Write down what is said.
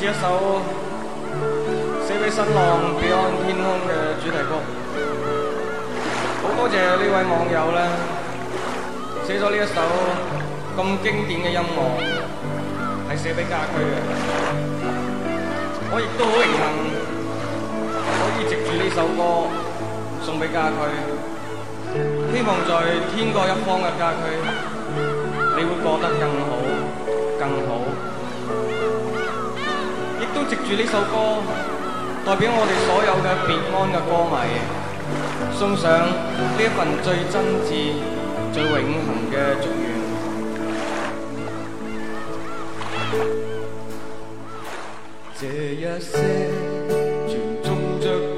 一首寫俾新浪彼岸天空嘅主題曲，好多謝呢位網友咧寫咗呢一首咁經典嘅音樂，係寫俾家駒嘅。我亦都好榮幸可以藉住呢首歌送俾家駒，希望在天各一方嘅家駒，你會過得更好，更好。藉住呢首歌，代表我哋所有嘅別安嘅歌迷，送上呢一份最真摯、最永恒嘅祝願。這一些全中著。